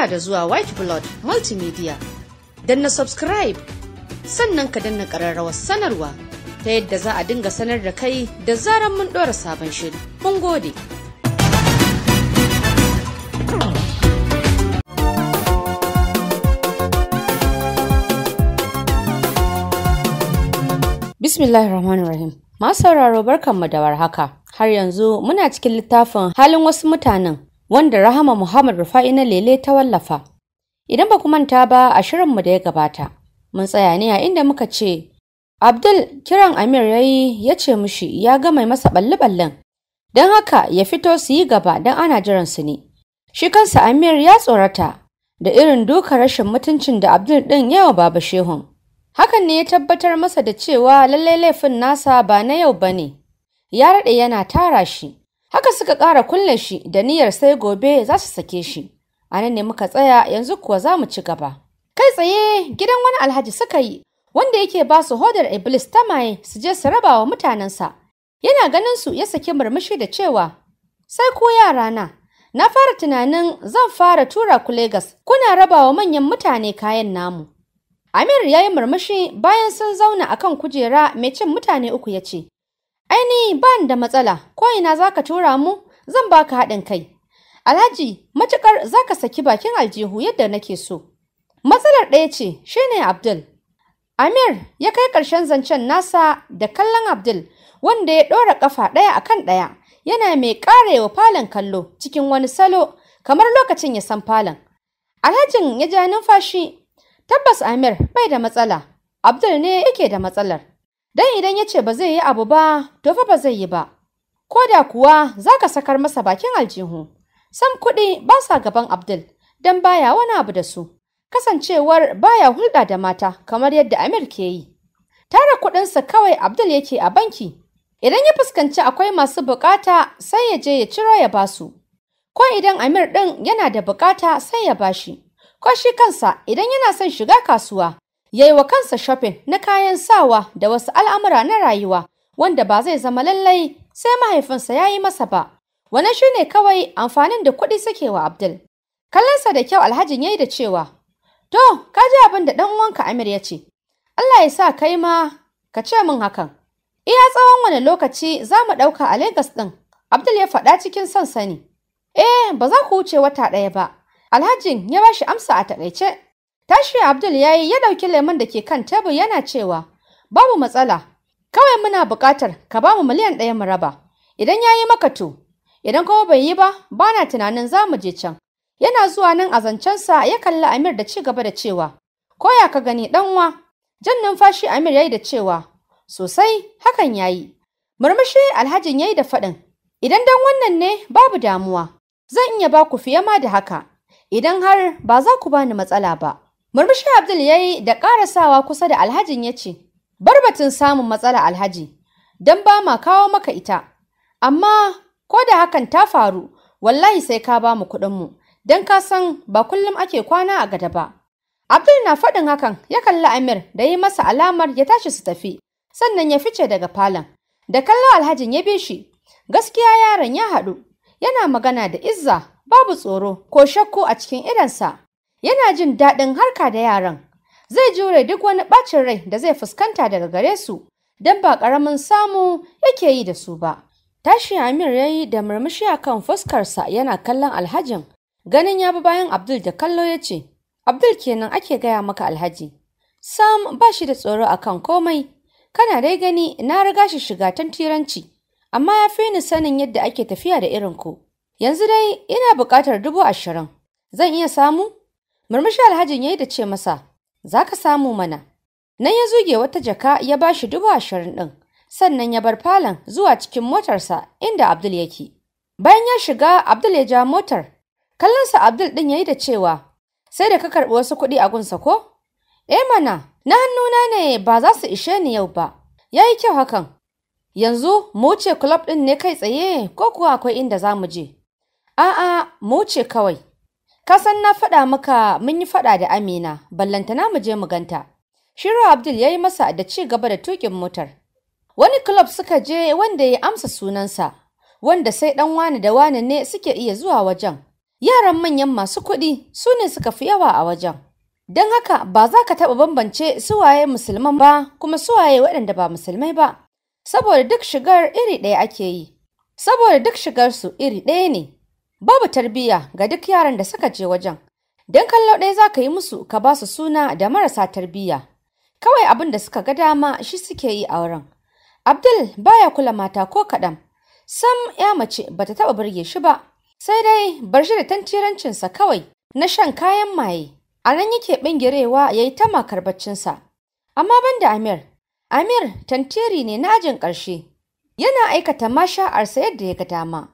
Barka da zuwa White Blood Multimedia. Danna subscribe sannan ka danna ƙararrawar sanarwa ta yadda za a dinga sanar da kai da zaran mun ɗora sabon shiri. Mun gode. Bismillahirrahmanirrahim. Masu sauraro barkanmu da warhaka. Har yanzu muna cikin littafin halin wasu mutanen wanda Rahama Muhammad Rufa'i na Lele ta wallafa. Idan ba ku manta ba a shirinmu da ya gabata, mun tsaya ne a inda muka ce, Abdul kiran Amir ya yi ya ce mushi ya ga mai masa ɓalle ballin don haka ya fito su yi gaba don ana jiran su ne. Shi kansa Amir ya tsorata da irin duka rashin mutuncin da Abdul ɗin yawa baba shehun. Hakan ne ya tabbatar masa da cewa lallai laifin nasa ba na yau ba ne, ya raɗe yana tara shi. Haka suka ƙara kulle shi da niyyar sai gobe za su sake shi. A nan ne muka tsaya yanzu kuwa za mu ci gaba. Kai tsaye gidan wani alhaji suka yi wanda yake ba su hodar Iblis ta maye su je su raba wa mutanensa. Yana ganin su ya saki murmushi da cewa, Sai ko yara na, na fara tunanin zan fara tura ku Legas kuna raba wa manyan mutane kayan namu. Amir ya yi murmushi bayan sun zauna akan kujera mai cin mutane uku ya ce, Aini ban da matsala, ko ina za ka tura mu zan baka haɗin kai. Alhaji, matuƙar za ka saki bakin aljihu yadda nake so. Matsalar ɗaya ce, shi ne Abdul. Amir ya kai ƙarshen zancen nasa da kallon Abdul, wanda ya ɗora ƙafa ɗaya a kan ɗaya, yana mai ƙarewa falon kallo cikin wani salo kamar lokacin ya san falon. Alhajin ya ja numfashi, tabbas Amir bai da matsala, Abdul ne yake da matsalar. Dan idan ya ce ba zai yi abu ba, to fa ba zai yi ba. Ko da kuwa za ka sakar masa bakin aljihu. Sam kuɗi ba sa gaban Abdul, dan baya wani abu da su. Kasancewar baya hulɗa da mata kamar yadda Amir ke yi. Tara kuɗinsa kawai Abdul yake a banki. Idan ya fuskanci akwai masu bukata sai ya je ya ciro ya basu. Ko idan Amir ɗin yana da bukata sai ya bashi. Ko shi kansa idan yana son shiga kasuwa ya yi wa kansa shopping na kayan sawa da wasu al'amura na rayuwa wanda ba zai zama lallai sai mahaifinsa ya yi masa ba. Wannan shi ne kawai amfanin da kuɗi suke wa Abdul. Kallonsa da kyau alhajin ya yi da cewa, To, ka ji abin da ɗan uwanka Amir ya ce, Allah ya sa kai ma ka ce min hakan. Iya tsawon wani lokaci za mu ɗauka a Legas ɗin, Abdul ya faɗa cikin son sani. Eh, ba za ku wuce wata ɗaya ba. Alhajin ya ba shi amsa a taƙaice Tashi Abdul ya yi ya ɗauki lemon da ke kan tebur yana cewa, Babu matsala, kawai muna buƙatar ka ba mu miliyan ɗaya mu raba. Idan ya yi maka to, idan kuma bai yi ba, ba na tunanin za mu je can. Yana zuwa nan a zancensa ya kalli Amir da ci gaba da cewa, Koya ka gani ɗanwa, jan numfashi Amir ya yi da cewa, Sosai, hakan ya yi. Murmushi alhajin ya yi da faɗin, Idan dan wannan ne babu damuwa, zan iya ba ku fiye ma da haka, idan har ba za ku bani matsala ba. Murmushi Abdul ya yi da ƙarasawa kusa da alhajin ya ce, Bar batun samun matsala alhaji, don ba ma kawo maka ita, amma ko da hakan ta faru, wallahi sai ka ba mu kuɗinmu, don ka san ba kullum ake kwana a gada ba. Abdul na faɗin hakan ya kalli Amir da yi masa alamar ya tashi su tafi, sannan ya fice daga falon. Da kallo alhajin ya bi shi, gaskiya yaron ya haɗu, yana magana da izza babu tsoro ko shakku a cikin idansa. yana jin daɗin harka da yaran zai jure duk wani ɓacin rai da zai fuskanta daga gare su don ba ƙaramin samu yake yi da su ba tashi amir ya yi da murmushi a kan fuskarsa yana kallon alhajin ganin ya bi bayan abdul da kallo ya ce abdul kenan ake gaya maka alhaji sam ba shi da tsoro a kan komai kana dai gani na riga shi shiga tantiranci amma ya fi ni sanin yadda ake tafiya da irin ku yanzu dai ina buƙatar dubu ashirin zan iya samu murmushi alhajin ya yi da ce masa za ka samu mana nan ya zuge wata jaka ya ba shi dubu ashirin ɗin sannan ya bar falon zuwa cikin motarsa inda abdul yake bayan ya shiga abdul ya ja motar kallonsa abdul ɗin ya yi da cewa sai da ka karɓi wasu kuɗi a gunsa ko eh mana na hannuna ne ba za su ishe ni yau ba ya yi kyau hakan yanzu mu ce club ɗin ne kai tsaye ko kuwa akwai inda za mu je a'a mu ce kawai Kasan na faɗa maka mun yi faɗa da Amina, ballantana mu je mu ganta. Shiru Abdul ya yi masa da ci gaba da tuƙin motar. Wani club suka je wanda ya amsa sunansa, wanda sai ɗan wani da wani ne suke iya zuwa wajen. Yaran manyan masu kuɗi su ne suka fi yawa a wajen. Don haka ba za ka taɓa bambance su waye musulman ba kuma suwaye waɗanda ba musulmai ba, saboda duk shigar iri ɗaya ake yi, saboda duk shigarsu iri ɗaya ne. Babu tarbiyya ga duk yaran da suka je wajen. Don kallo ɗaya za ka yi musu ka ba su suna da marasa tarbiyya. Kawai abin da suka ga dama shi suke yi a wurin. Abdul baya kula mata ko kaɗan. Sam ya mace ba ta taɓa burge shi ba. Sai dai bar shi da tantirancinsa kawai na shan kayan maye. A nan yake ɓingirewa ya yi ta makar baccinsa. Amma ban da Amir, Amir tantiri ne na ajin ƙarshe. Yana aikata masha'arsa yadda ya ga dama.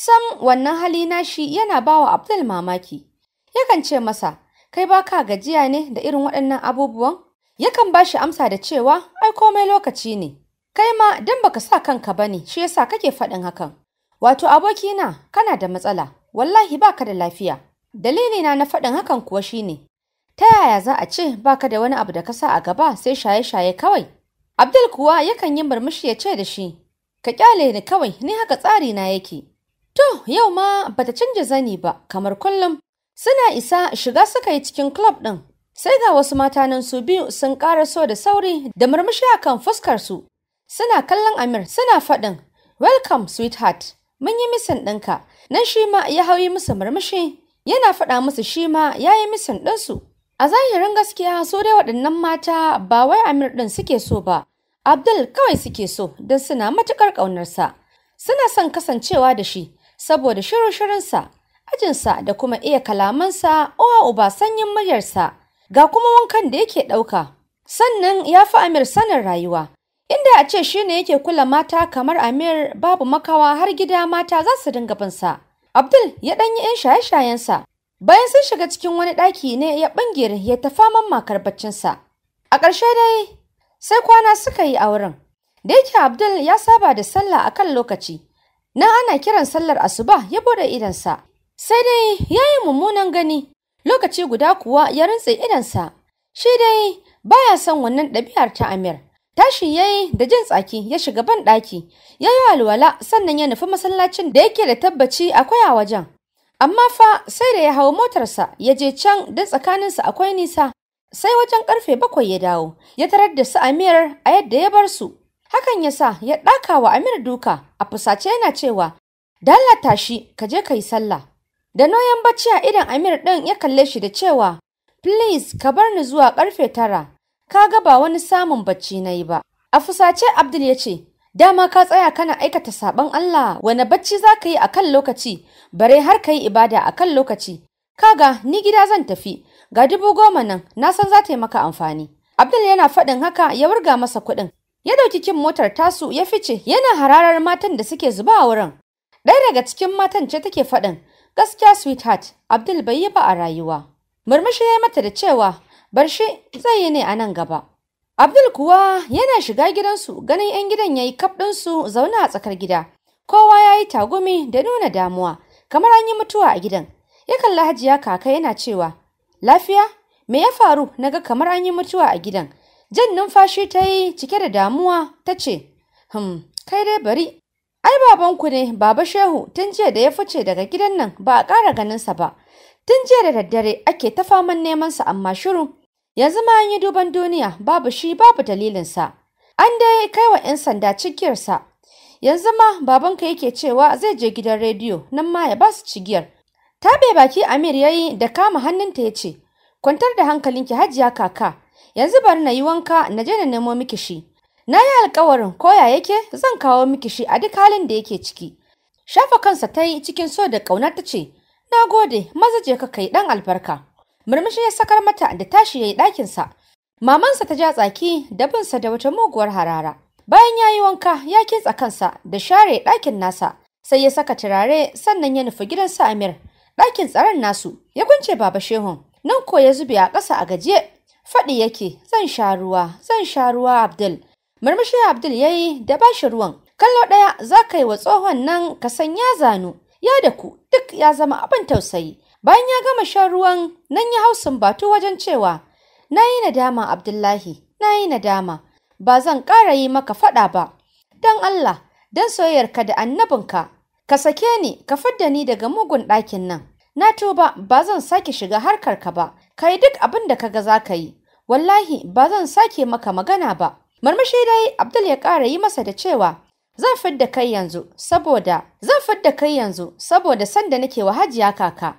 Sam wannan hali shi yana bawa Abdul mamaki. Yakan ce masa, kai ba ka gajiya ne da irin waɗannan abubuwan? Yakan ba shi amsa da cewa, ai komai lokaci ne. Kai ma don baka sa kanka ba ne, shi yasa kake faɗin hakan. Wato abokina, kana da matsala, wallahi baka da lafiya. Dalilina na faɗin hakan kuwa shine, ta yaya za a ce baka da wani abu da ka sa a gaba sai shaye-shaye kawai? Abdul kuwa yakan yi murmushi ya ce da shi, ka kyale ni kawai, ni haka tsari na yake. To, yau ma bata canja zani ba, kamar kullum. Suna isa shiga suka yi cikin club ɗin. Sai ga wasu mata nan su biyu sun ƙara so da sauri da murmushi a kan fuskarsu. Suna kallon Amir suna faɗin, Welcome, sweetheart. Mun yi misin ɗinka. Nan shi ma ya hauyi musu murmushi, yana faɗa musu shi ma ya yi misin ɗinsu. A zahirin gaskiya su dai waɗannan mata ba wai Amir ɗin suke so ba, Abdul kawai suke so don suna matuƙar ƙaunarsa. Suna son kasancewa da shi, saboda shirin-shirinsa, ajinsa da kuma iya kalamansa owa uba sanyin muryarsa ga kuma wankan da yake ɗauka. Sannan ya fi Amir sanin rayuwa, inda a ce shi ne yake kula mata kamar Amir babu makawa har gida mata za su dinga binsa. Abdul ya ɗanyi 'yan shaye-shayensa, bayan sun shiga cikin wani ɗaki ne ya ɓangir ya tafa faman makar baccinsa. A ƙarshe dai sai kwana suka yi a wurin. Da yake Abdul ya saba da sallah a kan lokaci, nan ana kiran sallar asuba ya bude idansa sai dai ya yi mummunan gani lokaci guda kuwa ya rintse idansa shi dai baya son wannan ɗabi'ar ta amir tashi ya yi da jin tsaki ya shiga ban ɗaki ya yi alwala sannan ya nufi masallacin da yake da tabbaci akwai a wajen amma fa sai da ya hau motarsa ya je can don tsakaninsa akwai nisa sai wajen karfe bakwai ya dawo ya tarar da su amir a yadda ya bar su hakan ya sa ya ɗaka wa Amir duka a fusace yana cewa dalata tashi, ka je ka yi sallah. Da noyan bacci a idan Amir ɗin ya kalle shi da cewa please ka bar ni zuwa ƙarfe tara ka ga ba wani samun bacci na yi ba. A fusace Abdul ya ce dama ka tsaya kana aikata saɓon Allah wani bacci za ka yi a kan lokaci bare har ka yi ibada a kan lokaci. Kaga ni gida zan tafi ga dubu goma nan na san za ta yi maka amfani. Abdul yana faɗin haka ya wurga masa kuɗin ya dauki kin motar tasu ya fice yana hararar matan da suke zuba a wurin ɗaya daga cikin matan ce take faɗin gaskiya sweetheart abdul bai yi ba a rayuwa murmushi ya mata da cewa bar shi zai yi ne a nan gaba abdul kuwa yana shiga gidansu ganin yan gidan ya yi kaf ɗinsu zaune a tsakar gida kowa ya yi tagumi da nuna damuwa kamar an yi mutuwa a gidan ya kalli hajiya kaka yana cewa lafiya me ya faru na ga kamar an yi mutuwa a gidan jan numfashi ta yi cike da damuwa ta ce hmm kai dai bari ai babanku ne baba shehu tun jiya da ya fice daga gidan nan ba a ƙara ganinsa ba tun jiya da daddare ake ta faman neman sa amma shiru yanzu ma an yi duban duniya babu shi babu dalilinsa an dai kai wa 'yan sanda cikiyarsa yanzu ma babanka yake cewa zai je gidan rediyo nan ma ya ba su cigiyar tabe baki amir ya yi da kama hannunta ya ce kwantar da hankalinki hajiya kaka yanzu bari na yi wanka na je na nemo miki shi na yi alkawarin koya yake zan kawo miki shi a duk halin da yake ciki shafa kansa ta yi cikin so da ƙauna ta ce na gode maza je ka kai ɗan albarka murmushi ya sakar mata da tashi ya yi ɗakinsa mamansa ta ja tsaki da binsa da wata muguwar harara bayan ya yi wanka ya kitsa kansa da share ɗakin nasa sai ya saka turare sannan ya nufi gidan su amir ɗakin tsaron nasu ya kunce baba shehun nan ko ya zube a ƙasa a gajiye faɗi yake zan sha ruwa zan sha ruwa abdul murmushi abdul ya yi da bashi ruwan kallo ɗaya za ka yi wa tsohon nan ka san ya zanu ya da ku duk ya zama abin tausayi bayan ya gama shan ruwan nan ya hau sumbatu wajen cewa na yi nadama abdullahi na yi nadama ba zan ƙara yi maka faɗa ba don allah don soyayyarka da annabinka ka sake ni ka fadda ni daga mugun ɗakin nan na tuba ba zan sake shiga harkarka ba ka yi duk abin da ga za ka yi wallahi ba zan sake maka magana ba marmashi dai abdul ya ƙara yi masa da cewa zan fidda kai yanzu saboda zan fidda kai yanzu saboda sanda nake wa hajiya kaka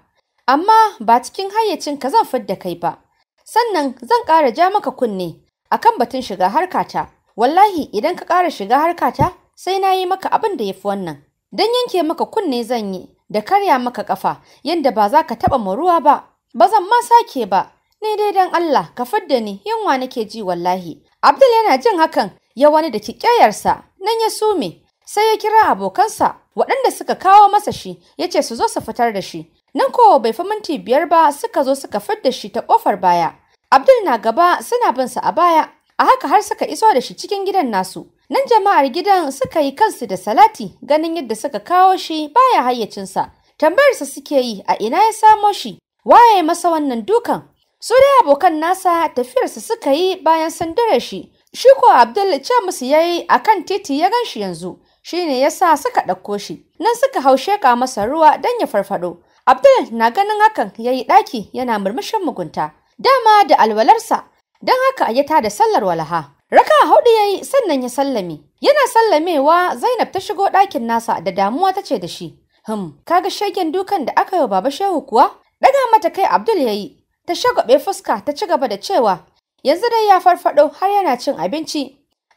amma ba cikin hayyacin ka zan fidda kai ba sannan zan ƙara ja maka kunne akan batun shiga harkata wallahi idan ka ƙara shiga harkata sai na yi maka abin da ya wannan dan yanke maka kunne zan yi da karya maka ƙafa yadda ba za ka taɓa maruwa ba ba zan ma sake ba Ni dai dan Allah ka fadda ni yunwa nake ji wallahi. Abdul yana jin hakan ya wani da kikiyarsa nan ya sume sai ya kira abokansa waɗanda suka kawo masa shi ya ce su zo su fitar da shi. Nan kowa bai fi minti biyar ba suka zo suka fadda shi ta ƙofar baya. Abdul na gaba suna bin sa a baya a haka har suka iso da shi cikin gidan nasu. Nan jama'ar gidan suka yi kansu da salati ganin yadda suka kawo shi baya hayyacinsa. Tambayarsa suke yi a ina ya samo shi, waye masa wannan dukan su dai abokan nasa tafiyarsa suka yi bayan sun dare shi shi ko abdul ce musu yayi akan titi ya gan shi yanzu yasa suka ɗauko shi nan suka haushe ka masa ruwa don ya farfado abdul na ganin hakan yayi ɗaki yana murmushin mugunta dama da alwalarsa don haka ya ta da sallar walaha raka hudu yayi sannan ya sallame yana sallamewa zainab ta shigo ɗakin nasa da damuwa ta ce da shi hum kaga shegen dukan da aka yi wa baba shehu kuwa Ɗaga mata kai abdul yayi ta shagwabe fuska ta ci gaba da cewa yanzu dai ya farfado har yana cin abinci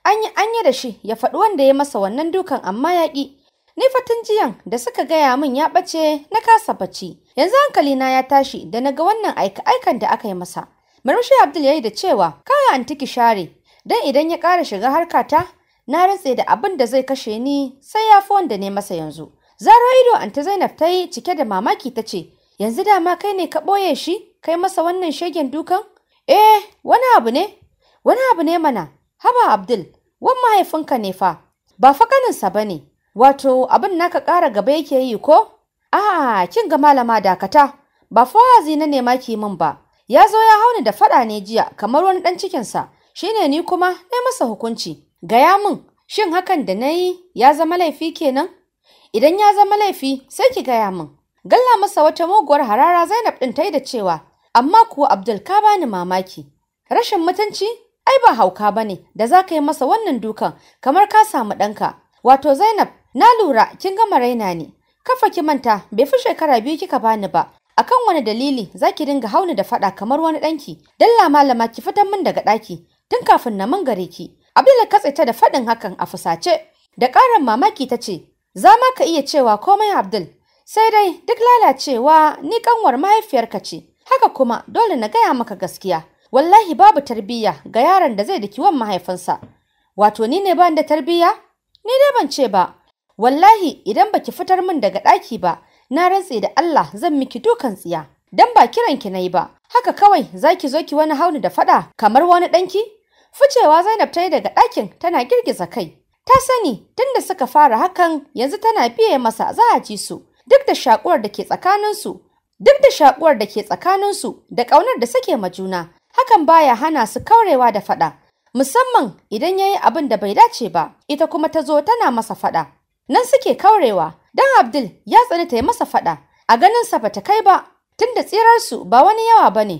an yi anya da shi ya faɗi wanda ya masa wannan dukan amma ya ƙi ni fatan jiyan da suka gaya min ya ɓace na kasa bacci yanzu hankali na ya tashi da na ga wannan aika aikan da aka yi masa murmushi abdul ya yi da cewa kaya antiki share dan idan ya ƙara shiga harkata na rantse da abin da zai kashe ni sai ya fi wanda ne masa yanzu zaro ido anta zainab ta yi cike da mamaki ta ce yanzu dama kai ne ka ɓoye shi kai masa wannan shegen dukan eh wani abu ne wani abu ne mana haba abdul wan mahaifinka ne fa ba fa kaninsa ba ne wato abin naka ƙara gaba yake yi ko a kin ga malama dakata ba fa na nema ma ki min ba ya zo ya hauni da faɗa ne jiya kamar wani ɗan cikinsa shine ni kuma na masa hukunci gaya min shin hakan da na yi ya zama laifi kenan idan ya zama laifi sai ki gaya min Galla masa wata muguwar harara Zainab din ta yi da cewa, amma kuwa Abdul ka bani mamaki. Rashin mutunci? Ai ba hauka ba ne da za ka yi masa wannan dukan kamar ka samu ɗanka. Wato Zainab, na lura kin gama raina ne. Kafa ki manta bai fi shekara biyu kika bani ba. Akan wani dalili za ki dinga hauni da faɗa kamar wani ɗanki. Dalla malama ki fitan min daga ɗaki tun kafin na mun gari ki. Abdul ka ta da faɗin hakan a fusace. Da ƙarin mamaki ta ce, za ma ka iya cewa komai Abdul Sai dai duk lalacewa ni kanwar mahaifiyarka ce, haka kuma dole na gaya maka gaskiya. Wallahi babu tarbiyya ga yaron da zai da kiwon mahaifinsa. Wato ni ne ban da tarbiyya? Ni dai ban ce ba. Wallahi idan baki fitar min daga ɗaki ba, na rantse da Allah zan miki dukan tsiya. Dan ba kiran ki nayi ba, haka kawai zaki zo ki wani hauni da fada kamar wani ɗanki? Ficewa Zainab ta yi daga ɗakin tana girgiza kai. Ta sani tunda suka fara hakan yanzu tana biye masa za a ji su. duk da shakuwar da ke tsakaninsu duk da shakuwar da ke tsakaninsu da ƙaunar da suke ma juna hakan baya hana su kaurewa da faɗa musamman idan ya yi abin da bai dace ba ita kuma ta zo tana masa faɗa nan suke kaurewa dan abdul ya tsani ta yi masa faɗa a ganin sa bata kai ba tunda tsirarsu ba wani yawa ba ne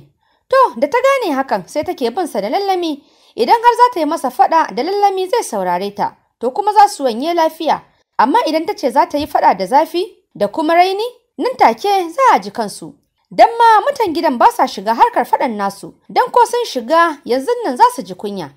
to da ta gane hakan sai take bin sa da lallami idan har za ta yi masa faɗa da lallami zai saurare ta to kuma za su wanye lafiya amma idan ta ce za ta yi faɗa da zafi da kuma raini nan take za a ji kansu don ma mutan gidan ba sa shiga harkar faɗan nasu don ko sun shiga yanzu nan za su ji kunya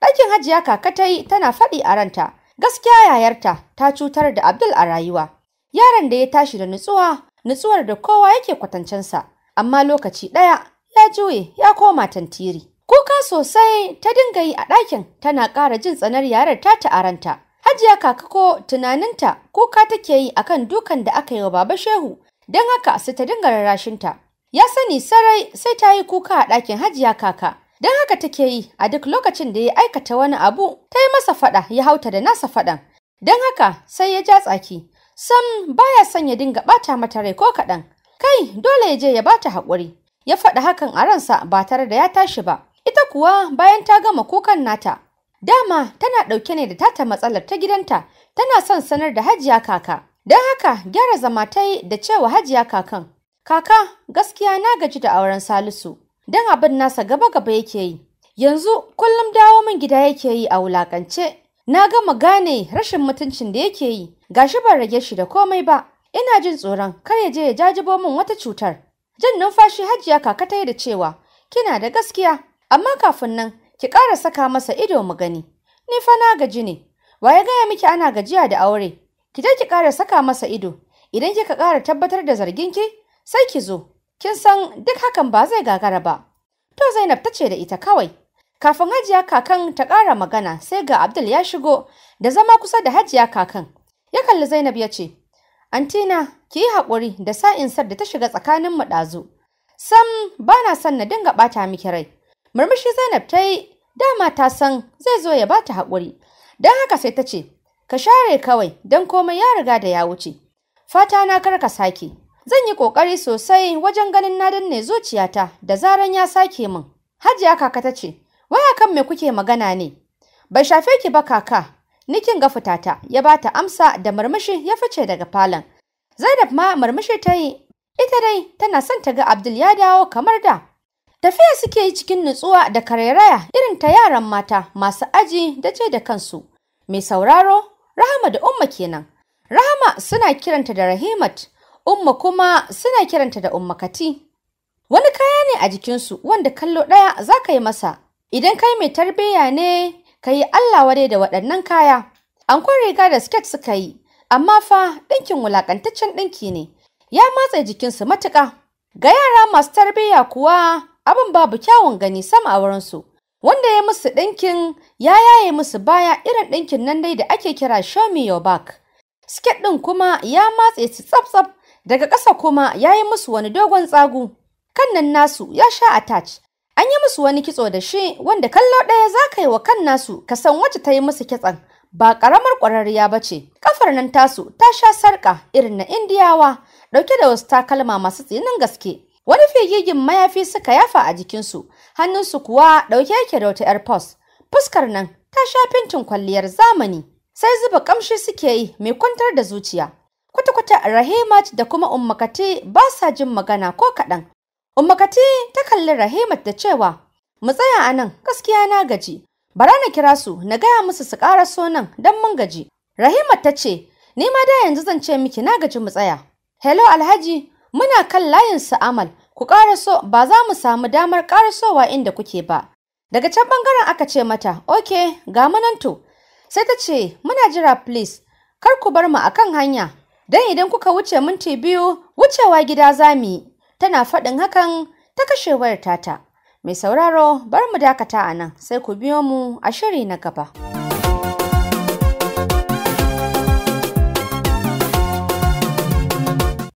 ɗakin hajiya kakatai tana faɗi a ranta gaskiya yayarta ta cutar da abdul a rayuwa yaron da ya tashi da nutsuwa nutsuwar da kowa yake kwatancensa amma lokaci ɗaya ya juye ya koma tantiri kuka sosai ta dinga yi a ɗakin tana ƙara jin tsanar yarar ta ta aranta Hajiya ko tunaninta kuka take yi akan dukan da aka yi wa Baba Shehu, don haka su ta dinga rarrashinta. Ya sani sarai sai ta yi kuka a ɗakin Hajiya Kaka, don haka take yi a duk lokacin da ya aikata wani abu, ta yi masa faɗa ya hauta da nasa faɗan. Don haka sai ya ja tsaki, sam baya son ya dinga ɓata mata rai ko kaɗan. Kai dole ya je ya bata haƙuri, ya faɗa hakan a ransa ba tare da ya tashi ba. Ita kuwa bayan ta gama kukan nata, Dama tana ɗauke ne da tata matsalar ta gidanta, tana son sanar da hajiya kaka. Don haka gyara zama ta yi da cewa hajiya kakan. Kaka gaskiya na gaji da auren Salisu, don abin nasa gaba-gaba yake yi. Yanzu kullum dawo min gida yake yi a wulakance. Na gama gane rashin mutuncin da yake yi, gashi ban rage shi da komai ba. Ina jin tsoron kar ya je ya jajibo min wata cutar. Jin numfashi hajiya kaka ta yi da cewa, kina da gaskiya, amma kafin nan ki ƙara saka masa ido mu gani ni fa na gaji ne Wa ya gaya miki ana gajiya da aure ki je ki ƙara saka masa ido idan kika ƙara tabbatar da zargin ki, sai ki zo kin san duk hakan ba zai gagara ba to Zainab ta ce da ita kawai kafin hajiya kakan ta ƙara magana sai ga Abdul ya shigo da zama kusa da hajiya kakan ya kalli Zainab ya ce antina ki yi haƙuri da sar da ta shiga tsakanin mu ɗazu sam ba na son na dinga ɓata miki rai murmushi Zainab ta yi dama ta san zai zo ya bata haƙuri don haka sai ta ce ka share kawai don komai ya riga da ya wuce fata na kar ka sake zan yi ƙoƙari sosai wajen ganin na danne zuciyata da zaran ya sake min hajiya kaka ta ce waya kan me kuke magana ne bai shafe ki ba kaka nikin ga fitata ya bata amsa da murmushi ya fice daga falon zainab ma murmushi ta yi ita dai tana son ta ga abdul ya dawo kamar da Tafiya suke yi cikin nutsuwa da karairaya irin ta yaran mata masu aji da ce da kansu. Mai sauraro, Rahama da Umma kenan. Rahama suna kiranta da Rahimat, Umma kuma suna kiranta da Umma Kati. Wani kaya ne a jikinsu wanda kallo ɗaya za ka yi masa. Idan kai mai tarbiyya ne, ka yi Allah wadai da waɗannan kaya. Ankon riga da siket suka yi, amma fa ɗinkin wulaƙantaccen ɗinki ne. Ya matsa jikinsu matuƙa. Ga yara masu tarbiyya kuwa abin babu kyawun gani sama a wurinsu wanda ya musu ɗinkin ya yaye musu baya irin ɗinkin nan dai da ake kira show me your back sket ɗin kuma ya matse su tsaf-tsaf daga ƙasa kuma ya yi musu wani dogon tsagu kan nan nasu ya sha attach an yi musu wani kitso da shi wanda kallo ɗaya za ka yi wa kan nasu ka san wacce ta yi musu kitson ba ƙaramar ƙwararriya ba ce Ƙafar nan tasu ta sha sarƙa irin na indiyawa ɗauke da wasu takalma masu tsinin gaske Wani fegigin mayafi suka yafa a jikinsu, hannunsu kuwa ɗauke yake da wata 'yar pos. Fuskar nan ta sha fintin kwalliyar zamani, sai zuba kamshi suke yi mai kwantar da zuciya. Kwata-kwata Rahimat da kuma Ummakati ba sa jin magana ko kaɗan. Ummakati ta kalli Rahimat da cewa, Mu tsaya a nan, gaskiya na gaji. Bara na kira su, na gaya musu su ƙara so nan don mun gaji. Rahimat ta ce, Ni ma da yanzu zan ce miki na gaji mu tsaya. Hello Alhaji, muna kan layin su amal ku so ba za mu samu damar ƙarasowa inda kuke ba daga can ɓangaren aka ce mata ok ga manan sai ta ce muna jira please kar ku bar mu akan hanya don idan kuka wuce minti biyu wucewa gida za mu yi tana faɗin hakan ta kashe wayar tata mai sauraro bar mu dakata a nan sai ku biyo mu a shiri na gaba.